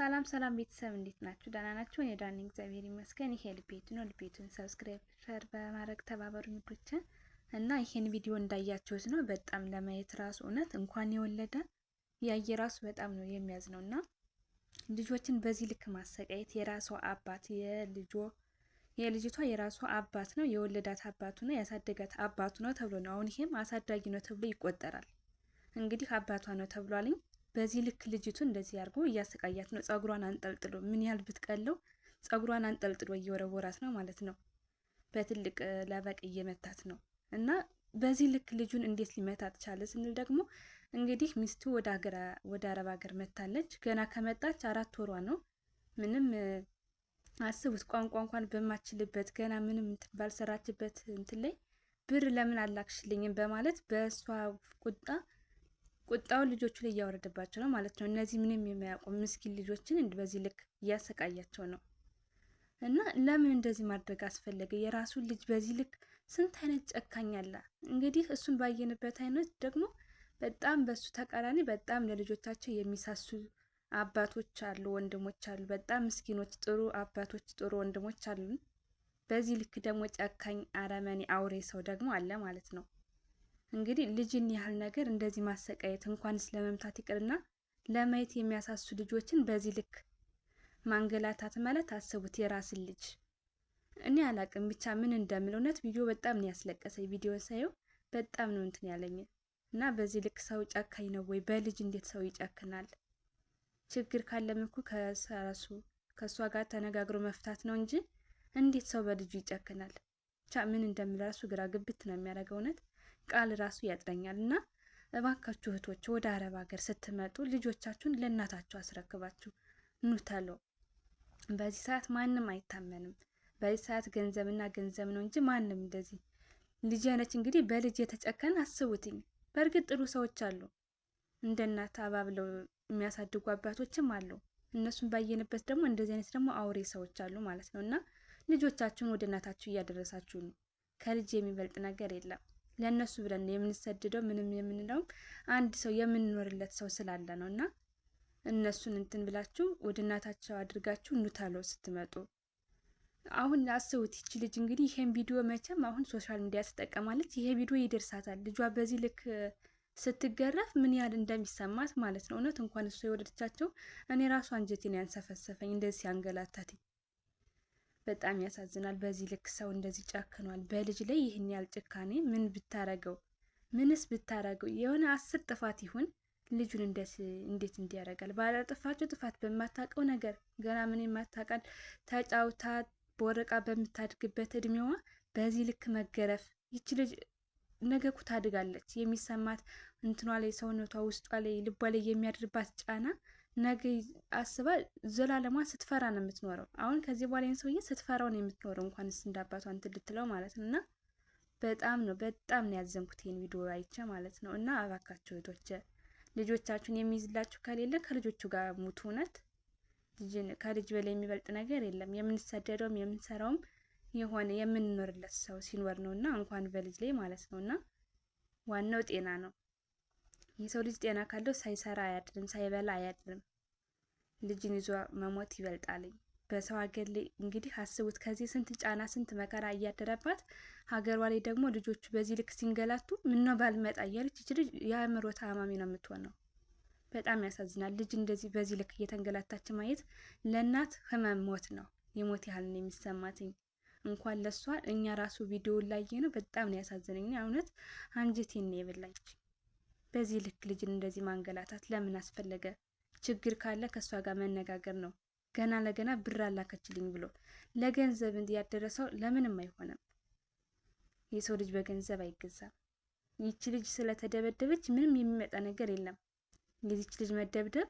ሰላም ሰላም ቤተሰብ እንዴት ናችሁ? ደህና ናችሁ? እኔ ዳኒ እግዚአብሔር ይመስገን። ይሄ ልቤት ነው። ልቤቱን ሰብስክራይብ፣ ሸር በማድረግ ተባበሩ ውዶች። እና ይሄን ቪዲዮ እንዳያችሁት ነው በጣም ለማየት ራሱ እውነት እንኳን የወለደ ያየ ራሱ በጣም ነው የሚያዝ ነው። እና ልጆችን በዚህ ልክ ማሰቃየት የራሷ አባት የልጆ የልጅቷ የራሷ አባት ነው የወለዳት አባቱ ነው ያሳደጋት አባቱ ነው ተብሎ ነው አሁን ይሄም አሳዳጊ ነው ተብሎ ይቆጠራል። እንግዲህ አባቷ ነው ተብሏልኝ በዚህ ልክ ልጅቱ እንደዚህ አድርጎ እያሰቃያት ነው። ጸጉሯን አንጠልጥሎ ምን ያህል ብትቀለው ጸጉሯን አንጠልጥሎ እየወረወራት ነው ማለት ነው። በትልቅ ለበቅ እየመታት ነው እና በዚህ ልክ ልጁን እንዴት ሊመታት ቻለ ስንል ደግሞ እንግዲህ ሚስቱ ወደ አረብ ሀገር መታለች። ገና ከመጣች አራት ወሯ ነው። ምንም አስቡት ቋንቋ እንኳን በማችልበት ገና ምንም ባልሰራችበት እንትን ላይ ብር ለምን አላክሽልኝም በማለት በእሷ ቁጣ ቁጣውን ልጆቹ ላይ እያወረደባቸው ነው ማለት ነው። እነዚህ ምንም የማያውቁ ምስኪን ልጆችን በዚህ ልክ እያሰቃያቸው ነው። እና ለምን እንደዚህ ማድረግ አስፈለገ? የራሱን ልጅ በዚህ ልክ ስንት አይነት ጨካኝ አለ። እንግዲህ እሱን ባየንበት አይነት ደግሞ በጣም በሱ ተቃራኒ በጣም ለልጆቻቸው የሚሳሱ አባቶች አሉ፣ ወንድሞች አሉ። በጣም ምስኪኖች ጥሩ አባቶች፣ ጥሩ ወንድሞች አሉ። በዚህ ልክ ደግሞ ጨካኝ አረመኔ አውሬ ሰው ደግሞ አለ ማለት ነው። እንግዲህ ልጅን ያህል ነገር እንደዚህ ማሰቃየት እንኳንስ ለመምታት ይቅርና ለማየት የሚያሳሱ ልጆችን በዚህ ልክ ማንገላታት ማለት አስቡት። የራስን ልጅ እኔ አላቅም ብቻ ምን እንደምል እውነት ቪዲዮ በጣም ነው ያስለቀሰኝ። ቪዲዮ ሳየው በጣም ነው እንትን ያለኝ እና በዚህ ልክ ሰው ጨካኝ ነው ወይ? በልጅ እንዴት ሰው ይጨክናል? ችግር ካለም እኮ ከራሱ ከእሷ ጋር ተነጋግሮ መፍታት ነው እንጂ እንዴት ሰው በልጁ ይጨክናል? ብቻ ምን እንደምል ራሱ ግራ ግብት ነው የሚያደርገው እውነት ቃል ራሱ ያጥረኛል እና እባካችሁ እህቶች ወደ አረብ ሀገር ስትመጡ ልጆቻችሁን ለእናታችሁ አስረክባችሁ ኑ ተሎ። በዚህ ሰዓት ማንም አይታመንም። በዚህ ሰዓት ገንዘብና ገንዘብ ነው እንጂ ማንም እንደዚህ ልጅ ነች እንግዲህ በልጅ የተጨከን አስቡትኝ። በእርግጥ ጥሩ ሰዎች አሉ፣ እንደ እናት አባብለው የሚያሳድጉ አባቶችም አሉ። እነሱን ባየንበት ደግሞ እንደዚህ አይነት ደግሞ አውሬ ሰዎች አሉ ማለት ነው እና ልጆቻችሁን ወደ እናታችሁ እያደረሳችሁ ነው። ከልጅ የሚበልጥ ነገር የለም። ለእነሱ ብለን የምንሰድደው ምንም የምንለው አንድ ሰው የምንኖርለት ሰው ስላለ ነው። እና እነሱን እንትን ብላችሁ ወደ እናታቸው አድርጋችሁ ኑታለው ስትመጡ አሁን አስቡት። ይቺ ልጅ እንግዲህ ይሄን ቪዲዮ መቼም አሁን ሶሻል ሚዲያ ትጠቀማለች። ይሄ ቪዲዮ ይደርሳታል። ልጇ በዚህ ልክ ስትገረፍ ምን ያህል እንደሚሰማት ማለት ነው። እውነት እንኳን እሷ የወለደቻቸው እኔ ራሱ አንጀቴን ያንሰፈሰፈኝ እንደዚህ ያንገላታትኝ በጣም ያሳዝናል። በዚህ ልክ ሰው እንደዚህ ጨክኗል። በልጅ ላይ ይህን ያህል ጭካኔ ምን ብታረገው? ምንስ ብታረገው? የሆነ አስር ጥፋት ይሁን ልጁን እንዴት እንዲያረጋል? ባላጠፋቸው ጥፋት በማታውቀው ነገር ገና ምን የማታውቃል ተጫውታ በወረቃ በምታድግበት እድሜዋ በዚህ ልክ መገረፍ ይች ልጅ ነገ እኮ ታድጋለች። የሚሰማት እንትኗ ላይ ሰውነቷ ውስጧ ላይ ልቧ ላይ የሚያድርባት ጫና ነገ አስባ ዘላለማ ስትፈራ ነው የምትኖረው። አሁን ከዚህ በኋላ ይህን ሰውዬ ስትፈራው ነው የምትኖረው፣ ስ እንዳባቷ እንትን ልትለው ማለት ነው። እና በጣም ነው በጣም ነው ያዘንኩት ይህን ቪዲዮ አይቼ ማለት ነው። እና እባካችሁ እህቶች ልጆቻችሁን የሚይዝላችሁ ከሌለ ከልጆቹ ጋር ሙት። እውነት ከልጅ በላይ የሚበልጥ ነገር የለም። የምንሰደደውም የምንሰራውም የሆነ የምንኖርለት ሰው ሲኖር ነው እና እንኳን በልጅ ላይ ማለት ነው። እና ዋናው ጤና ነው። የሰው ልጅ ጤና ካለው ሳይሰራ አያድርም፣ ሳይበላ አያድርም። ልጅን ይዟ መሞት ይበልጣልኝ። በሰው ሀገር ላይ እንግዲህ አስቡት፣ ከዚህ ስንት ጫና ስንት መከራ እያደረባት ሀገሯ ላይ ደግሞ ልጆቹ በዚህ ልክ ሲንገላቱ ምነው ባልመጣ እያለች ይች ልጅ የአእምሮ ታማሚ ነው የምትሆነው። በጣም ያሳዝናል። ልጅ እንደዚህ በዚህ ልክ እየተንገላታች ማየት ለእናት ህመም ሞት ነው፣ የሞት ያህል ነው የሚሰማትኝ። እንኳን ለሷ እኛ ራሱ ቪዲዮ ላይ ነው በጣም ነው ያሳዝነኝ። እውነት አንጀቴን ነው የበላች። በዚህ ልክ ልጅን እንደዚህ ማንገላታት ለምን አስፈለገ? ችግር ካለ ከእሷ ጋር መነጋገር ነው። ገና ለገና ብር አላከችልኝ ብሎ ለገንዘብ ያደረሰው ለምንም አይሆንም። የሰው ልጅ በገንዘብ አይገዛም። ይቺ ልጅ ስለተደበደበች ምንም የሚመጣ ነገር የለም። የዚች ልጅ መደብደብ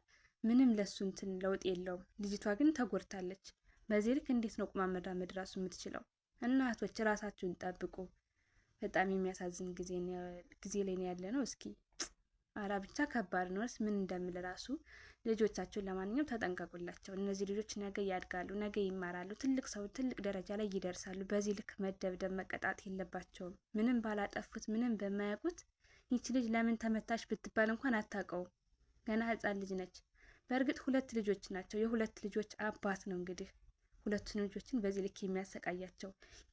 ምንም ለሱ እንትን ለውጥ የለውም። ልጅቷ ግን ተጎድታለች። በዚህ ልክ እንዴት ነው ቁማ መራመድ ራሱ የምትችለው? እናቶች ራሳችሁን ጠብቁ። በጣም የሚያሳዝን ጊዜ ላይ ነው ያለ ነው። እስኪ አራ ብቻ ከባድ ነው። ምን እንደምል ራሱ ልጆቻችሁን ለማንኛውም ተጠንቀቁላቸው። እነዚህ ልጆች ነገ ያድጋሉ፣ ነገ ይማራሉ፣ ትልቅ ሰው ትልቅ ደረጃ ላይ ይደርሳሉ። በዚህ ልክ መደብደብ መቀጣት የለባቸውም። ምንም ባላጠፉት፣ ምንም በማያውቁት ይቺ ልጅ ለምን ተመታሽ ብትባል እንኳን አታውቀውም። ገና ህፃን ልጅ ነች። በእርግጥ ሁለት ልጆች ናቸው። የሁለት ልጆች አባት ነው እንግዲህ ሁለቱን ልጆችን በዚህ ልክ የሚያሰቃያቸው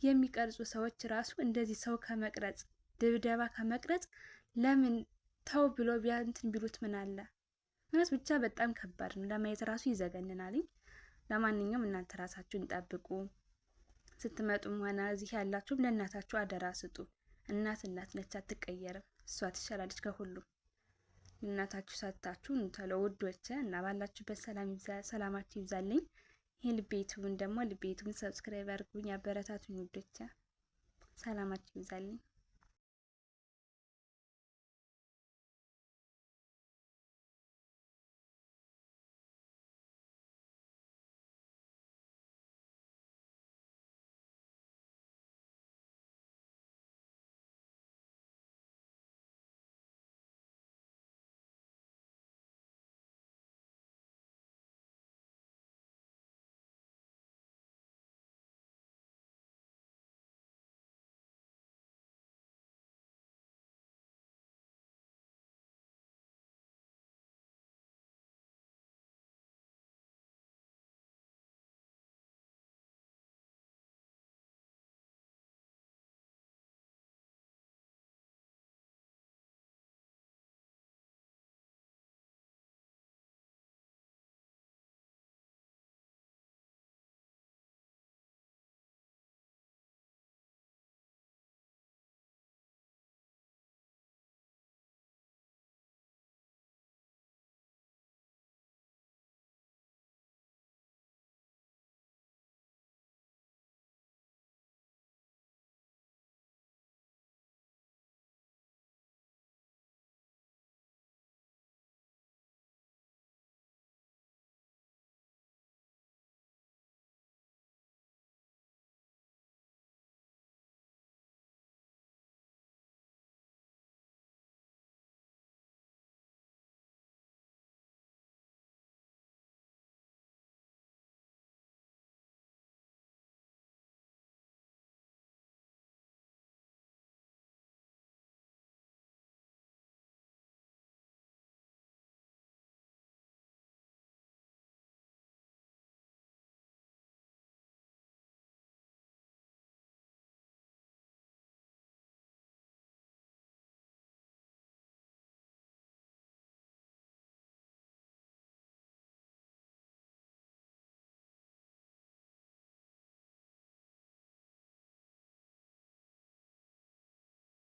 የሚቀርጹ ሰዎች ራሱ እንደዚህ ሰው ከመቅረጽ ድብደባ ከመቅረጽ ለምን ተው ብሎ ቢያንትን ቢሉት ምን አለ? እውነት ብቻ በጣም ከባድ ነው፣ ለማየት ራሱ ይዘገንናልኝ። ለማንኛውም እናንተ ራሳችሁን ጠብቁ። ስትመጡም ሆነ እዚህ ያላችሁም ለእናታችሁ አደራ ስጡ። እናት እናት ነች፣ አትቀየርም። እሷ ትሻላለች ከሁሉም። እናታችሁ ሰጥታችሁ እንተለው ውዶች እና ባላችሁበት ሰላማችሁ ይብዛልኝ። ይህ ልቤቱን ደግሞ ልቤቱን ሰብስክራይብ አድርጉኝ፣ አበረታቱኝ ውዶቼ። ሰላማችሁ ይብዛልኝ።